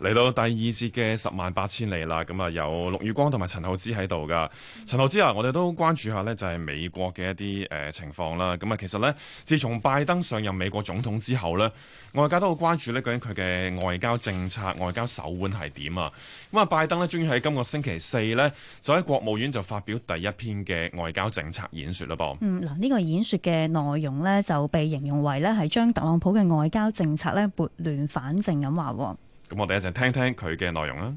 嚟到第二節嘅十萬八千里啦。咁、嗯、啊，有陸宇光同埋陳浩之喺度噶。陳浩之啊，我哋都關注一下呢，就係美國嘅一啲誒、呃、情況啦。咁、嗯、啊，其實呢，自從拜登上任美國總統之後呢，外界都好關注呢，究竟佢嘅外交政策、外交手腕係點啊？咁、嗯、啊，拜登呢，終於喺今個星期四呢，就喺國務院就發表第一篇嘅外交政策演説啦。噃嗯嗱，呢、這個演説嘅內容呢，就被形容為呢，係將特朗普嘅外交政策呢撥亂反正咁話。咁我哋一陣聽聽佢嘅內容啦。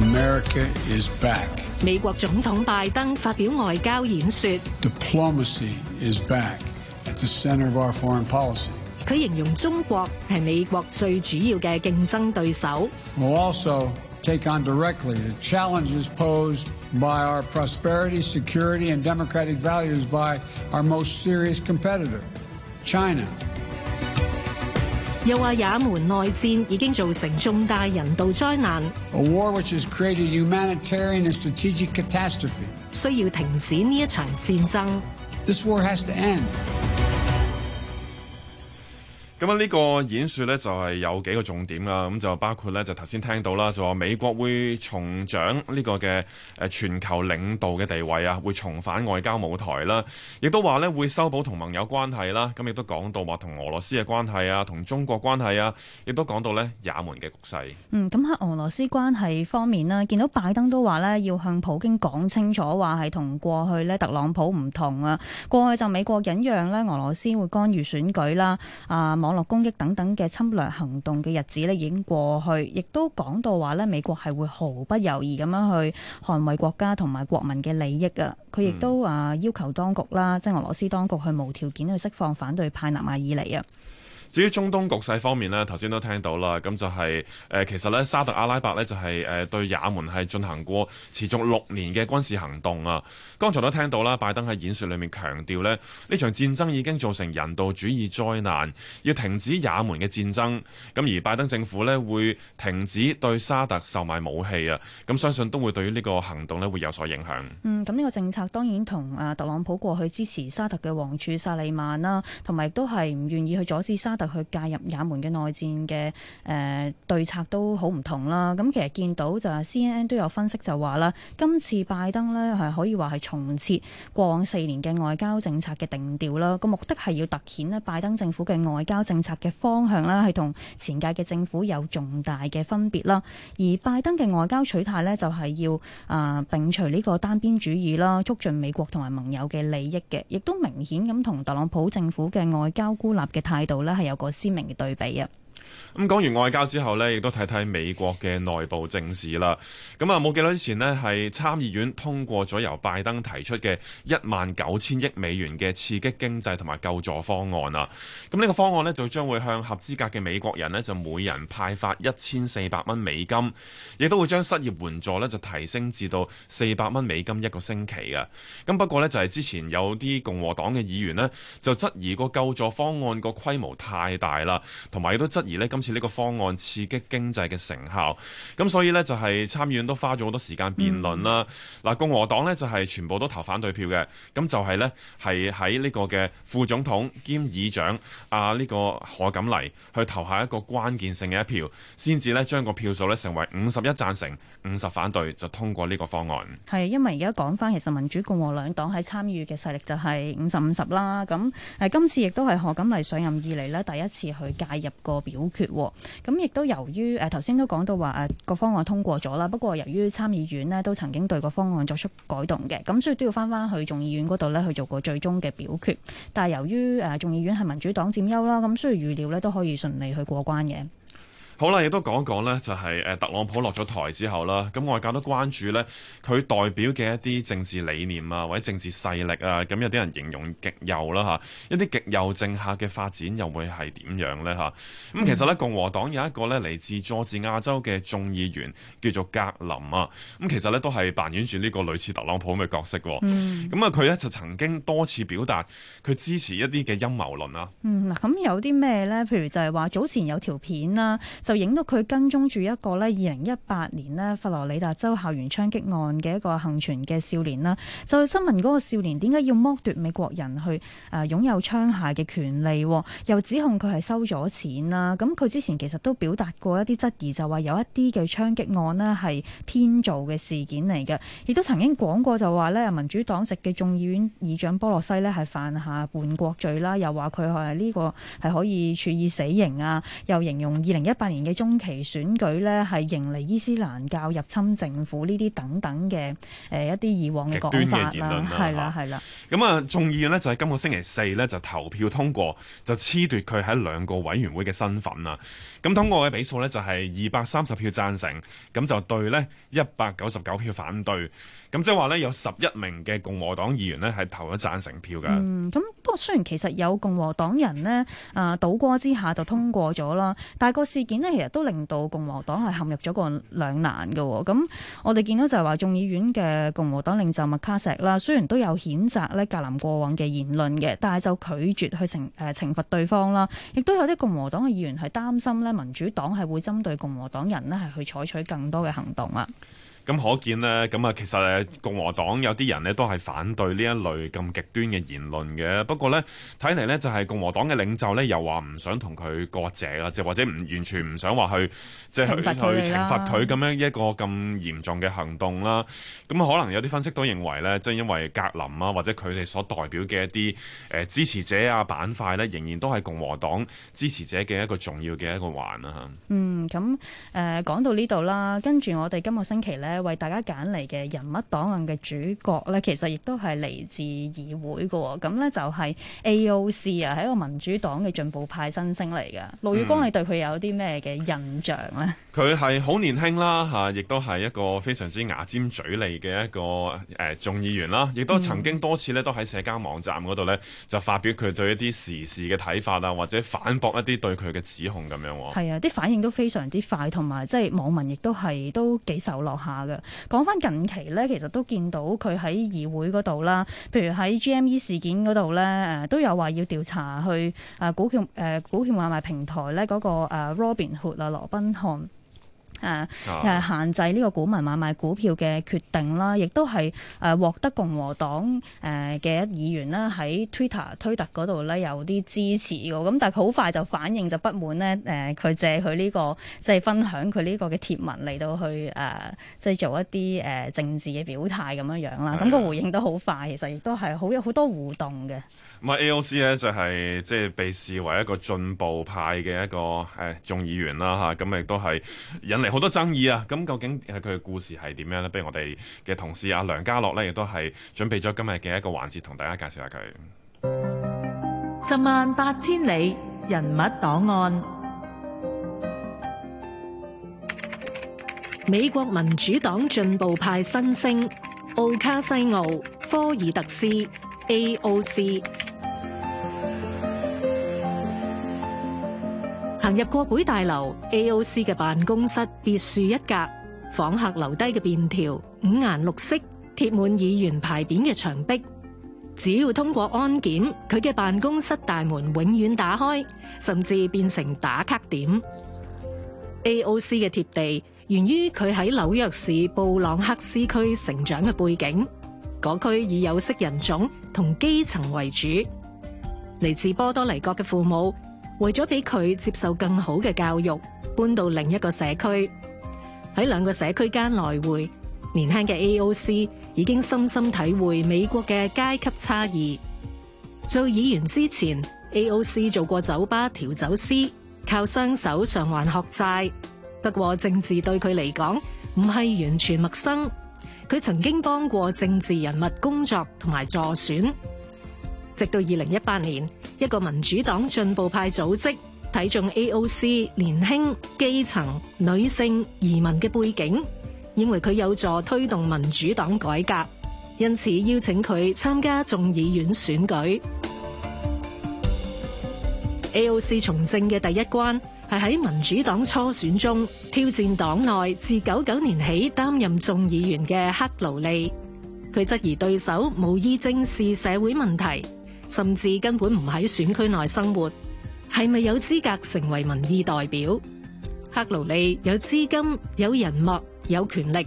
America is back. 美國總統拜登發表外交演說，Diplomacy is back at the center of our foreign policy. 佢形容中國係美國最主要嘅競爭對手。We'll also take on directly the challenges posed by our prosperity, security, and democratic values by our most serious competitor, China. 又話也門內戰已經造成重大人道災難，A war which has created a humanitarian and strategic catastrophe. 需要停止呢一場戰爭。This war has to end. 咁呢個演說呢就係有幾個重點啦，咁就包括呢，就頭先聽到啦，就話美國會重掌呢個嘅誒全球領導嘅地位啊，會重返外交舞台啦，亦都話呢會修補同盟友關係啦，咁亦都講到話同俄羅斯嘅關係啊，同中國關係啊，亦都講到呢也門嘅局勢。嗯，咁喺俄羅斯關係方面啦，見到拜登都話呢要向普京講清楚，話，係同過去呢特朗普唔同啊，過去就美國忍讓呢，俄羅斯會干預選舉啦，啊網絡攻擊等等嘅侵略行動嘅日子咧已經過去，亦都講到話咧，美國係會毫不猶豫咁樣去捍衛國家同埋國民嘅利益噶。佢亦都啊要求當局啦，即係俄羅斯當局去無條件去釋放反對派納瓦爾尼啊。至於中東局勢方面呢，頭先都聽到啦，咁就係誒其實咧沙特阿拉伯呢，就係誒對也門係進行過持續六年嘅軍事行動啊。剛才都聽到啦，拜登喺演說裡面強調咧，呢場戰爭已經造成人道主義災難，要停止也門嘅戰爭。咁而拜登政府呢，會停止對沙特售賣武器啊，咁相信都會對於呢個行動呢，會有所影響。嗯，咁呢個政策當然同啊特朗普過去支持沙特嘅王儲薩利曼啦，同埋亦都係唔願意去阻止沙特。去介入也門嘅內戰嘅誒對策都好唔同啦。咁其實見到就係 CNN 都有分析就話啦，今次拜登咧係可以話，係重設過往四年嘅外交政策嘅定調啦。個目的係要凸顯咧拜登政府嘅外交政策嘅方向啦，係同前屆嘅政府有重大嘅分別啦。而拜登嘅外交取態咧就係要啊摒除呢個單邊主義啦，促進美國同埋盟友嘅利益嘅，亦都明顯咁同特朗普政府嘅外交孤立嘅態度咧係有個鮮明嘅對比啊！咁講完外交之後呢，亦都睇睇美國嘅內部政事啦。咁啊，冇幾耐之前呢，係參議院通過咗由拜登提出嘅一萬九千億美元嘅刺激經濟同埋救助方案啊。咁、這、呢個方案呢，就將會向合資格嘅美國人呢，就每人派發一千四百蚊美金，亦都會將失業援助呢，就提升至到四百蚊美金一個星期嘅。咁不過呢，就係之前有啲共和黨嘅議員呢，就質疑個救助方案個規模太大啦，同埋亦都質疑。今次呢個方案刺激經濟嘅成效，咁所以呢，就係參議院都花咗好多時間辯論啦。嗱、嗯，共和黨呢，就係全部都投反對票嘅，咁就係呢，係喺呢個嘅副總統兼議長啊呢個賀錦麗去投下一個關鍵性嘅一票，先至呢，將個票數呢，成為五十一贊成、五十反對，就通過呢個方案。係，因為而家講返，其實民主共和兩黨喺參與嘅勢力就係五十五十啦。咁誒，今次亦都係賀錦麗上任以嚟呢，第一次去介入個表表決。咁亦都由於，誒頭先都講到話，誒個方案通過咗啦。不過由於參議院呢都曾經對個方案作出改動嘅，咁所以都要翻翻去眾議院嗰度咧去做個最終嘅表決。但係由於誒眾議院係民主黨佔優啦，咁所以預料咧都可以順利去過關嘅。好啦，亦都講講咧，就係誒特朗普落咗台之後啦，咁外界都關注咧佢代表嘅一啲政治理念啊，或者政治勢力啊，咁有啲人形容極右啦嚇，一啲極右政客嘅發展又會係點樣咧嚇？咁、嗯、其實咧共和黨有一個咧嚟自佐治亞州嘅眾議員叫做格林啊，咁其實咧都係扮演住呢個類似特朗普咁嘅角色喎。嗯。咁啊，佢咧就曾經多次表達佢支持一啲嘅陰謀論啊。嗯，嗱，咁有啲咩咧？譬如就係話早前有條片啦、啊。就影到佢跟蹤住一個咧，二零一八年咧佛羅里達州校園槍擊案嘅一個幸存嘅少年啦，就去詢問嗰個少年點解要剝奪美國人去誒擁有槍械嘅權利，又指控佢係收咗錢啦。咁佢之前其實都表達過一啲質疑，就話有一啲嘅槍擊案咧係編造嘅事件嚟嘅，亦都曾經講過就話咧，民主黨籍嘅眾議院議長波洛西咧係犯下叛國罪啦，又話佢係呢個係可以處以死刑啊，又形容二零一八年。年嘅中期選舉呢，係迎嚟伊斯蘭教入侵政府呢啲等等嘅誒、呃、一啲以往嘅講法啦，係啦，係啦。咁啊，眾議院呢，就係、是、今個星期四呢，就投票通過就褫奪佢喺兩個委員會嘅身份啊。咁通過嘅比數呢，就係二百三十票贊成，咁就對呢一百九十九票反對。咁即係話呢，有十一名嘅共和黨議員呢，係投咗贊成票㗎。嗯，咁不過雖然其實有共和黨人呢，誒倒過之下就通過咗啦，但係個事件。.呢其實都令到共和黨係陷入咗個兩難嘅，咁我哋見到就係話眾議院嘅共和黨領袖麥卡錫啦，雖然都有譴責咧格林過往嘅言論嘅，但係就拒絕去懲誒懲罰對方啦。亦都有啲共和黨嘅議員係擔心咧，民主黨係會針對共和黨人呢係去採取更多嘅行動啊。咁可見咧，咁啊，其實誒共和黨有啲人咧都係反對呢一類咁極端嘅言論嘅。不過咧，睇嚟咧就係共和黨嘅領袖咧，又話唔想同佢割席啦，即係或者唔完全唔想話去即係去懲罰佢咁樣一個咁嚴重嘅行動啦。咁可能有啲分析都認為咧，即係因為格林啊，或者佢哋所代表嘅一啲誒支持者啊板塊咧，仍然都係共和黨支持者嘅一個重要嘅一個環啊吓。嗯，咁誒講到呢度啦，跟住我哋今個星期咧。為大家揀嚟嘅人物檔案嘅主角咧，其實亦都係嚟自議會嘅喎。咁咧就係、是、AOC 啊，係一個民主黨嘅進步派新星嚟嘅。盧宇光，你對佢有啲咩嘅印象咧？佢係好年輕啦，嚇，亦都係一個非常之牙尖嘴利嘅一個誒、呃、眾議員啦。亦都曾經多次咧，都喺社交網站嗰度咧，就發表佢對一啲時事嘅睇法啊，或者反駁一啲對佢嘅指控咁樣。係啊，啲反應都非常之快，同埋即係網民亦都係都幾受落下。講翻近期咧，其實都見到佢喺議會嗰度啦，譬如喺 GME 事件嗰度咧，誒都有話要調查去誒、啊、股票誒、啊、股權買賣平台咧嗰個 Robinhood 啊，羅賓漢，誒誒、啊啊啊、限制呢個股民買賣股票嘅決定啦，亦都係誒、啊、獲得共和黨誒嘅一議員啦喺 Tw Twitter 推特嗰度咧有啲支持嘅，咁但係好快就反應就不滿咧誒，佢、啊、借佢呢、這個即係、就是、分享佢呢個嘅貼文嚟到去誒即係做一啲誒政治嘅表態咁樣的樣啦，咁個回應都好快，其實亦都係好有好多互動嘅。咁 AOC 咧就係即係被視為一個進步派嘅一個誒眾議員啦吓，咁亦都係引嚟好多爭議啊！咁究竟係佢嘅故事係點樣咧？不如我哋嘅同事阿梁家樂咧，亦都係準備咗今日嘅一個環節，同大家介紹下佢。十萬八千里人物檔案，美國民主黨進步派新星奧卡西奧科爾特斯 （A.O.C.） 行入國會大樓，AOC 嘅辦公室別樹一格，訪客留低嘅便條，五顏六色貼滿議員牌匾嘅牆壁。只要通過安檢，佢嘅辦公室大門永遠打開，甚至變成打卡點。AOC 嘅貼地源於佢喺紐約市布朗克斯區成長嘅背景，嗰區以有色人種同基層為主，嚟自波多黎各嘅父母，為咗俾佢接受更好嘅教育，搬到另一個社區，喺兩個社區間來回。年輕嘅 AOC 已經深深體會美國嘅階級差異。做議員之前，AOC 做過酒吧調酒師，靠雙手償還學債。不過政治對佢嚟講唔係完全陌生，佢曾經幫過政治人物工作同埋助選。直到二零一八年，一個民主黨進步派組織睇中 AOC 年輕、基層、女性、移民嘅背景，認為佢有助推動民主黨改革，因此邀請佢參加眾議院選舉。AOC 從政嘅第一關係喺民主黨初選中挑戰黨內自九九年起擔任眾議員嘅克勞利，佢質疑對手無意正視社會問題。甚至根本唔喺選區內生活，係咪有資格成為民意代表？克勞利有資金、有人脈、有權力，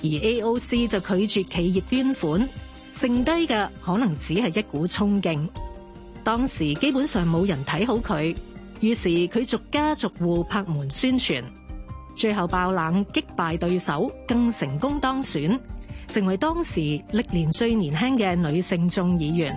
而 AOC 就拒絕企業捐款，剩低嘅可能只係一股衝勁。當時基本上冇人睇好佢，於是佢逐家逐戶拍門宣傳，最後爆冷擊敗對手，更成功當選，成為當時歷年最年輕嘅女性眾議員。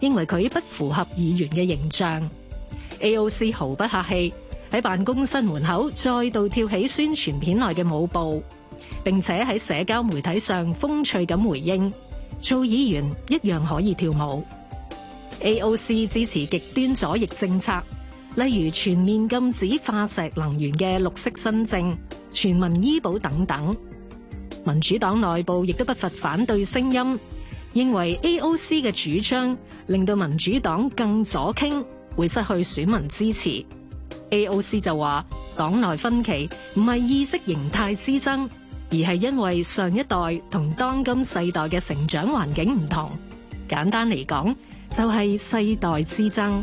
認為佢不符合議員嘅形象，AOC 毫不客氣喺辦公室門口再度跳起宣傳片內嘅舞步，並且喺社交媒體上風趣咁回應：做議員一樣可以跳舞。AOC 支持極端左翼政策，例如全面禁止化石能源嘅綠色新政、全民醫保等等。民主黨內部亦都不乏反對聲音。認為 AOC 嘅主張令到民主黨更左傾，會失去選民支持。AOC 就話，黨內分歧唔係意識形態之爭，而係因為上一代同當今世代嘅成長環境唔同。簡單嚟講，就係世代之爭。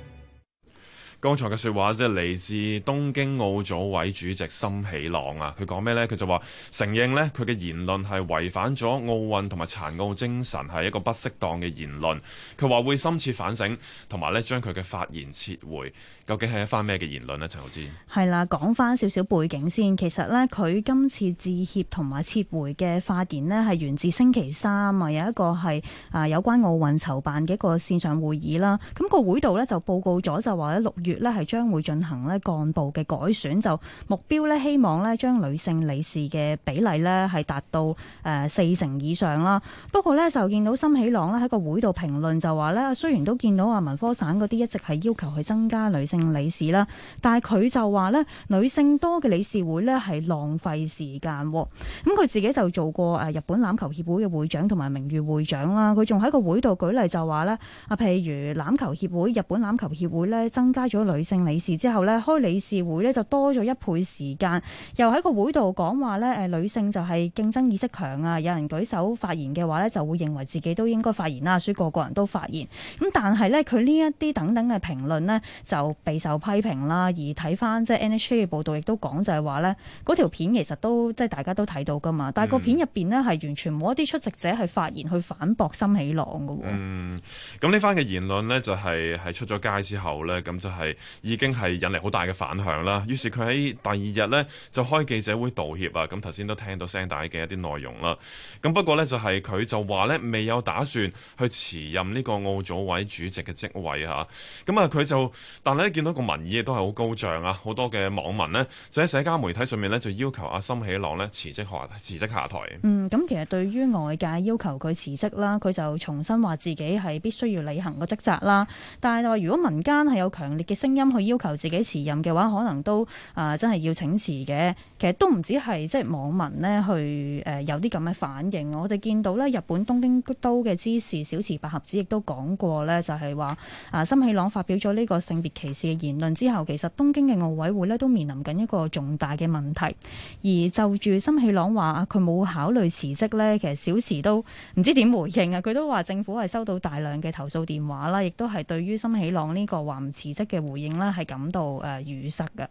剛才嘅說話即係嚟自東京奧組委主席森喜朗啊，佢講咩呢？佢就話承認呢，佢嘅言論係違反咗奧運同埋殘奧精神，係一個不適當嘅言論。佢話會深切反省，同埋呢將佢嘅發言撤回。究竟係一番咩嘅言論呢？陳浩志係啦，講翻少少背景先。其實呢，佢今次致歉同埋撤回嘅發言呢，係源自星期三啊，有一個係啊有關奧運籌辦嘅一個線上會議啦。咁個會度呢，就報告咗，就話喺六月。呢係將會進行呢幹部嘅改選，就目標呢希望呢將女性理事嘅比例呢係達到誒四成以上啦。不過呢就見到森喜朗呢喺個會度評論就話呢，雖然都見到啊文科省嗰啲一直係要求去增加女性理事啦，但係佢就話呢，女性多嘅理事會呢係浪費時間。咁佢自己就做過誒日本欖球協會嘅會長同埋名譽會長啦。佢仲喺個會度舉例就話呢啊，譬如欖球協會、日本欖球協會呢增加咗。女性理事之後呢，開理事會呢，就多咗一倍時間，又喺個會度講話呢，誒女性就係競爭意識強啊！有人舉手發言嘅話呢，就會認為自己都應該發言啦，所以個個人都發言。咁但係呢，佢呢一啲等等嘅評論呢，就備受批評啦。而睇翻即係 NHK 嘅報導，亦都講就係話呢，嗰條片其實都即係大家都睇到噶嘛，但係個片入面呢，係完全冇一啲出席者係發言去反駁森喜朗㗎喎。嗯，咁呢番嘅言論呢、就是，就係喺出咗街之後呢，咁就係、是。已經係引嚟好大嘅反響啦，於是佢喺第二日呢，就開記者會道歉啊，咁頭先都聽到聲帶嘅一啲內容啦。咁不過呢，就係、是、佢就話呢，未有打算去辭任呢個奧組委主席嘅職位嚇。咁啊佢就但係呢見到個民意亦都係好高漲啊，好多嘅網民呢，就喺社交媒體上面呢，就要求阿森喜朗呢辭職下辭職下台。嗯，咁其實對於外界要求佢辭職啦，佢就重新話自己係必須要履行個職責啦。但係話如果民間係有強烈嘅，聲音去要求自己辭任嘅話，可能都啊、呃、真係要請辭嘅。其實都唔止係即係網民咧去誒、呃、有啲咁嘅反應。我哋見到咧，日本東京都嘅知事小池百合子亦都講過呢就係、是、話啊森喜朗發表咗呢個性別歧視嘅言論之後，其實東京嘅奧委會咧都面臨緊一個重大嘅問題。而就住森喜朗話佢冇考慮辭職呢，其實小池都唔知點回應啊。佢都話政府係收到大量嘅投訴電話啦，亦都係對於森喜朗呢個話唔辭職嘅回應啦，係感到誒、呃、雨塞嘅。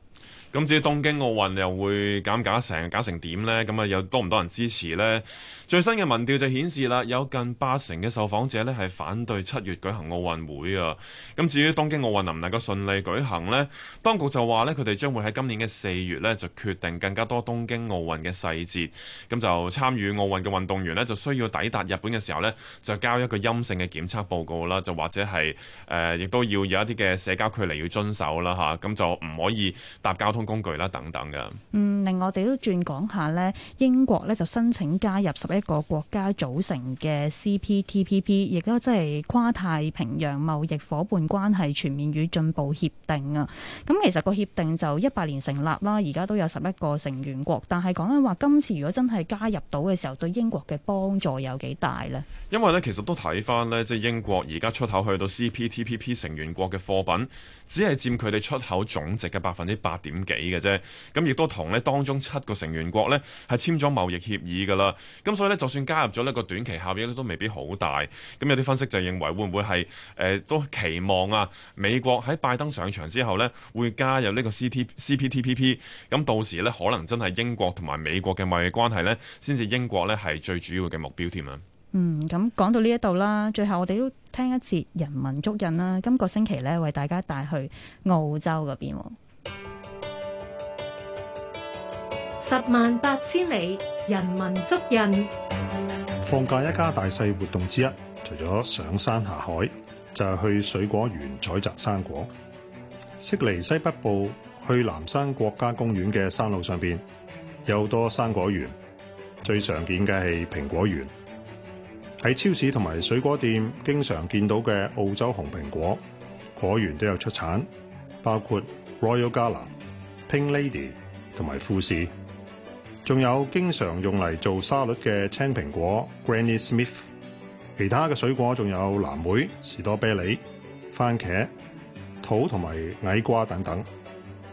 咁至於東京奧運又會搞唔搞成搞成點呢？咁啊又多唔多人支持呢？最新嘅民調就顯示啦，有近八成嘅受訪者呢係反對七月舉行奧運會啊。咁至於東京奧運能唔能夠順利舉行呢？當局就話呢，佢哋將會喺今年嘅四月呢就決定更加多東京奧運嘅細節。咁就參與奧運嘅運動員呢，就需要抵達日本嘅時候呢，就交一個陰性嘅檢測報告啦，就或者係誒、呃、亦都要有一啲嘅社交距離要遵守啦嚇。咁就唔可以搭交通工具啦，等等嘅。嗯，另外我哋都轉講下呢，英國呢就申請加入十一個國家組成嘅 CPTPP，亦都即係跨太平洋貿易夥伴關係全面與進步協定啊。咁其實個協定就一八年成立啦，而家都有十一個成員國。但係講緊話，今次如果真係加入到嘅時候，對英國嘅幫助有幾大呢？因為呢，其實都睇翻呢，即係英國而家出口去到 CPTPP 成員國嘅貨品，只係佔佢哋出口總值嘅百分之八點。幾嘅啫，咁亦都同咧當中七個成員國呢係簽咗貿易協議噶啦，咁所以呢，就算加入咗呢個短期效益咧都未必好大，咁有啲分析就認為會唔會係誒都期望啊美國喺拜登上場之後呢會加入呢個 CPTPP，咁到時呢，可能真係英國同埋美國嘅貿易關係呢，先至英國呢係最主要嘅目標添啊。嗯，咁講到呢一度啦，最後我哋都聽一節人文足印啦，今個星期呢，為大家帶去澳洲嗰邊。十萬八千里，人文足印。放假一家大細活動之一，除咗上山下海，就係、是、去水果園採摘生果。悉尼西北部去南山國家公園嘅山路上邊有多生果園，最常見嘅係蘋果園。喺超市同埋水果店經常見到嘅澳洲紅蘋果，果園都有出產，包括 Royal Gala、Pink Lady 同埋富士。仲有經常用嚟做沙律嘅青蘋果、Granny Smith，其他嘅水果仲有藍莓、士多啤梨、番茄、桃同埋矮瓜等等。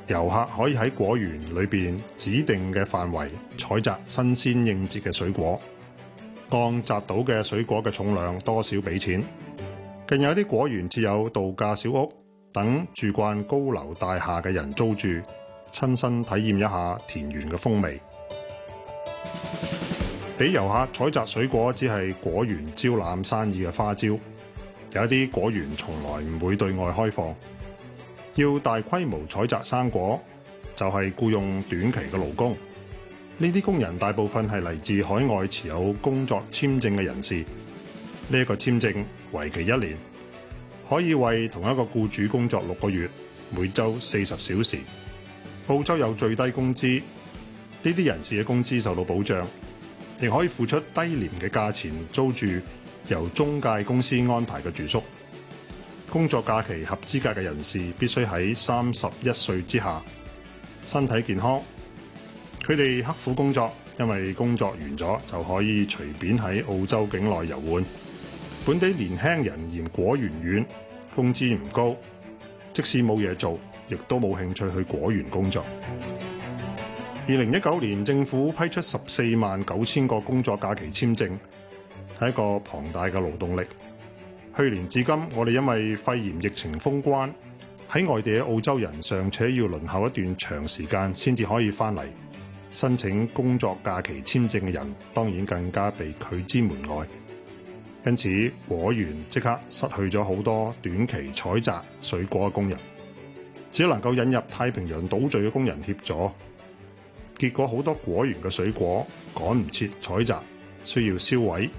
遊客可以喺果園裏邊指定嘅範圍採摘新鮮應節嘅水果，按摘到嘅水果嘅重量多少俾錢。更有啲果園設有度假小屋，等住慣高樓大廈嘅人租住，親身體驗一下田園嘅風味。俾遊客採摘水果，只係果園招攬生意嘅花招。有一啲果園從來唔會對外開放。要大規模採摘生果，就係、是、雇用短期嘅勞工。呢啲工人大部分係嚟自海外持有工作簽證嘅人士。呢、這個簽證為期一年，可以為同一個雇主工作六個月，每週四十小時。澳洲有最低工資，呢啲人士嘅工資受到保障。亦可以付出低廉嘅價錢租住由中介公司安排嘅住宿。工作假期合資格嘅人士必須喺三十一歲之下，身體健康。佢哋刻苦工作，因為工作完咗就可以隨便喺澳洲境內遊玩。本地年輕人嫌果園遠，工資唔高，即使冇嘢做，亦都冇興趣去果園工作。二零一九年政府批出十四萬九千個工作假期簽證，係一個龐大嘅勞動力。去年至今，我哋因為肺炎疫情封關，喺外地嘅澳洲人尚且要輪候一段長時間先至可以翻嚟，申請工作假期簽證嘅人，當然更加被拒之門外。因此，果園即刻失去咗好多短期採摘水果嘅工人，只能夠引入太平洋島嶼嘅工人協助。結果好多果園嘅水果趕唔切採摘，需要銷毀；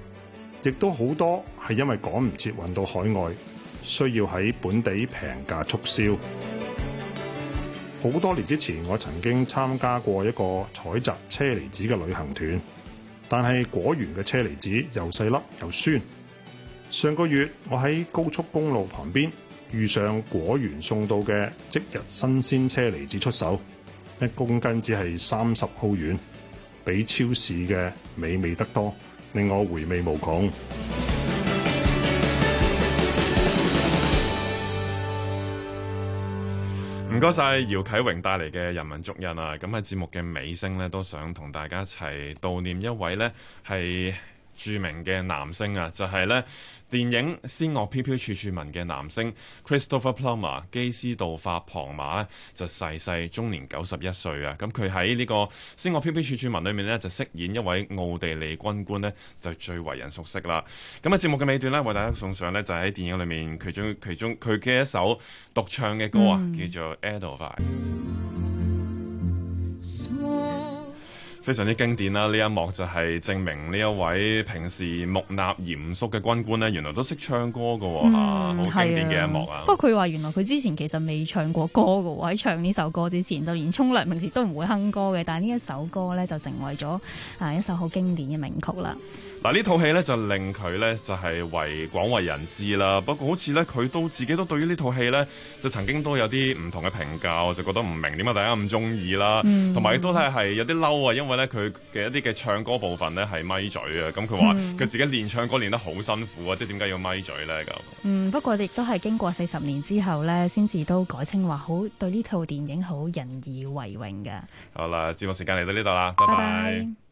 亦都好多係因為趕唔切運到海外，需要喺本地平價促銷。好多年之前，我曾經參加過一個採摘車厘子嘅旅行團，但係果園嘅車厘子又細粒又酸。上個月，我喺高速公路旁邊遇上果園送到嘅即日新鮮車厘子出手。一公斤只係三十澳元，比超市嘅美味得多，令我回味無窮。唔該曬姚啟榮帶嚟嘅《人文足印》啊，咁、那、喺、個、節目嘅尾聲呢，都想同大家一齊悼念一位呢係。著名嘅男星啊，就係、是、呢電影《仙樂飄飄處處聞》嘅男星 Christopher Plummer 基斯道法龐馬呢就逝世，終年九十一歲啊！咁佢喺呢個《仙樂飄飄處處聞》裏面呢，就飾演一位奧地利軍官呢就最為人熟悉啦。咁啊，節目嘅尾段呢，為大家送上呢，就喺電影裏面其中其中佢嘅一首獨唱嘅歌啊，mm. 叫做《e、Edelweiss》。 非常之經典啦！呢一幕就係證明呢一位平時木訥嚴肅嘅軍官呢，原來都識唱歌㗎喎、嗯、啊！好經典嘅一幕。啊、不過佢話，原來佢之前其實未唱過歌㗎喎，喺唱呢首歌之前，就連沖涼平時都唔會哼歌嘅。但係呢一首歌呢，就成為咗啊一首好經典嘅名曲啦。嗱呢套戲咧就令佢咧就係為廣為人知啦，不過好似咧佢都自己都對於呢套戲咧就曾經都有啲唔同嘅評價，我就覺得唔明點解大家咁中意啦，同埋亦都係有啲嬲啊，因為咧佢嘅一啲嘅唱歌部分咧係咪嘴啊，咁佢話佢自己練唱歌練得好辛苦啊，即係點解要咪嘴咧咁？嗯，不過亦都係經過四十年之後咧，先至都改稱話好對呢套電影好引以為榮嘅。好啦，節目時間嚟到呢度啦，bye bye 拜拜。